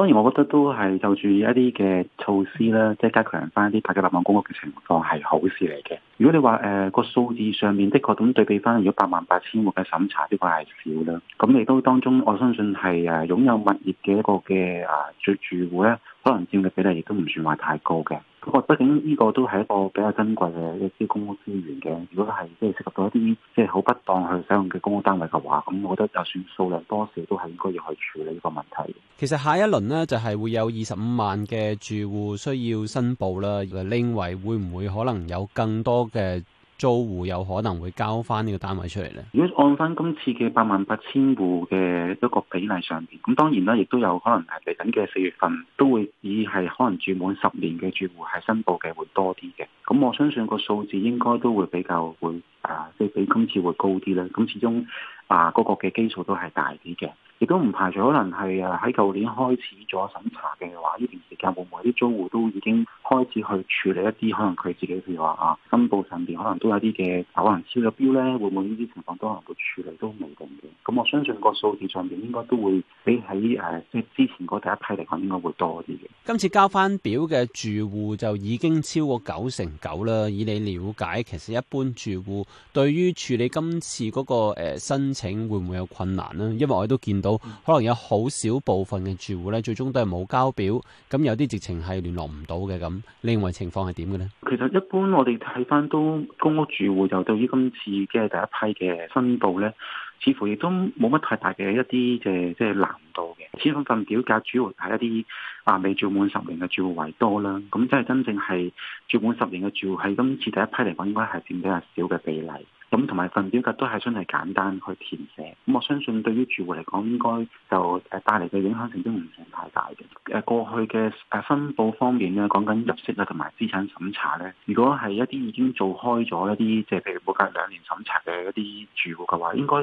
當然，我覺得都係就注意一啲嘅措施啦，即係加強翻一啲濫用公屋嘅情況係好事嚟嘅。如果你話誒個數字上面的確咁對比翻，如果八萬八千戶嘅審查，呢、呢個係少啦。咁亦都當中，我相信係誒擁有物業嘅一個嘅啊住住戶咧，可能佔嘅比例亦都唔算話太高嘅。不過畢竟呢個都係一個比較珍貴嘅一啲公屋資源嘅，如果係即係涉及到一啲即係好不當去使用嘅公屋單位嘅話，咁我覺得就算數量多少都係應該要去處理呢個問題。其實下一輪呢，就係、是、會有二十五萬嘅住戶需要申報啦，另外會唔會可能有更多嘅？租戶有可能會交翻呢個單位出嚟咧，如果按翻今次嘅八萬八千戶嘅一個比例上面，咁當然啦，亦都有可能係嚟緊嘅四月份都會以係可能住滿十年嘅住戶係申報嘅會多啲嘅。咁我相信個數字應該都會比較會啊，即係比今次會高啲啦。咁始終啊，嗰個嘅基礎都係大啲嘅，亦都唔排除可能係啊喺舊年開始咗審查嘅話，呢段時間會唔會啲租戶都已經。開始去處理一啲可能佢自己譬如話啊，申報上邊可能都有啲嘅可能超咗標呢，會唔會呢啲情況都可能會處理都未定嘅。咁我相信個數字上邊應該都會比喺誒即係之前嗰第一批嚟講應該會多啲嘅。今次交翻表嘅住戶就已經超過九成九啦。以你了解，其實一般住戶對於處理今次嗰、那個、呃、申請會唔會有困難呢？因為我都見到可能有好少部分嘅住戶呢，最終都係冇交表，咁有啲直情係聯絡唔到嘅咁。另外情況係點嘅咧？其實一般我哋睇翻都公屋住戶就對於今次嘅第一批嘅申報咧，似乎亦都冇乜太大嘅一啲嘅即係難度嘅。前兩份表格主要係一啲啊未住滿十年嘅住戶為多啦。咁即係真正係住滿十年嘅住戶，喺今次第一批嚟講，應該係佔比較少嘅比例。咁同埋份表格都係真係簡單去填寫，咁我相信對於住戶嚟講，應該就誒帶嚟嘅影響性都唔算太大嘅。誒過去嘅誒申報方面咧，講緊入息啊同埋資產審查咧，如果係一啲已經做開咗一啲，即係譬如每隔兩年審查嘅一啲住戶嘅話，應該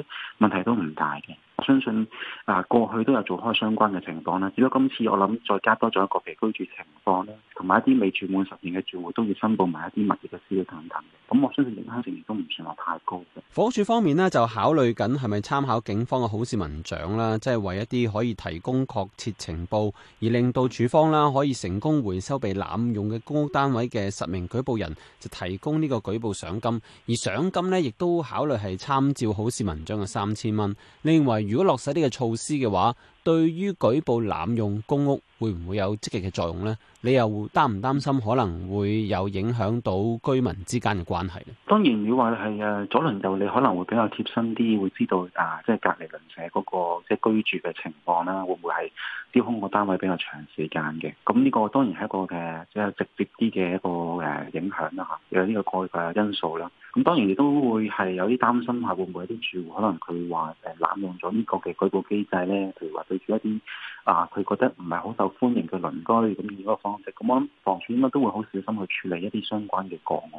問題都唔大嘅。我相信啊，過去都有做開相關嘅情況啦，只不過今次我諗再加多咗一個被居住情況咧。同埋一啲未住滿十年嘅住戶都要申報埋一啲物業嘅資料等等。嘅，咁我相信影響性亦都唔算話太高嘅。房署方面呢，就考慮緊係咪參考警方嘅好市民獎啦，即係為一啲可以提供確切情報而令到署方啦可以成功回收被濫用嘅公屋單位嘅實名舉報人，就提供呢個舉報賞金。而賞金呢，亦都考慮係參照好市民獎嘅三千蚊。你認為如果落實呢個措施嘅話，對於舉報濫用公屋會唔會有積極嘅作用咧？你又擔唔擔心可能會有影響到居民之間嘅關係咧？當然，你話係誒左鄰右里就你可能會比較貼身啲，會知道啊，即係隔離鄰舍嗰個，即係隔籬鄰舍嗰個即係居住嘅情況啦，會唔會係啲空個單位比較長時間嘅？咁呢個當然係一個嘅即係直接啲嘅一個誒影響啦，吓有呢個概括嘅因素啦。咁當然亦都會係有啲擔心下，會唔會啲住戶可能佢話誒濫用咗呢個嘅舉報機制咧？譬如話。住一啲啊，佢覺得唔係好受歡迎嘅鄰居，咁以嗰個方式，咁我諗房署應該都會好小心去處理一啲相關嘅個案。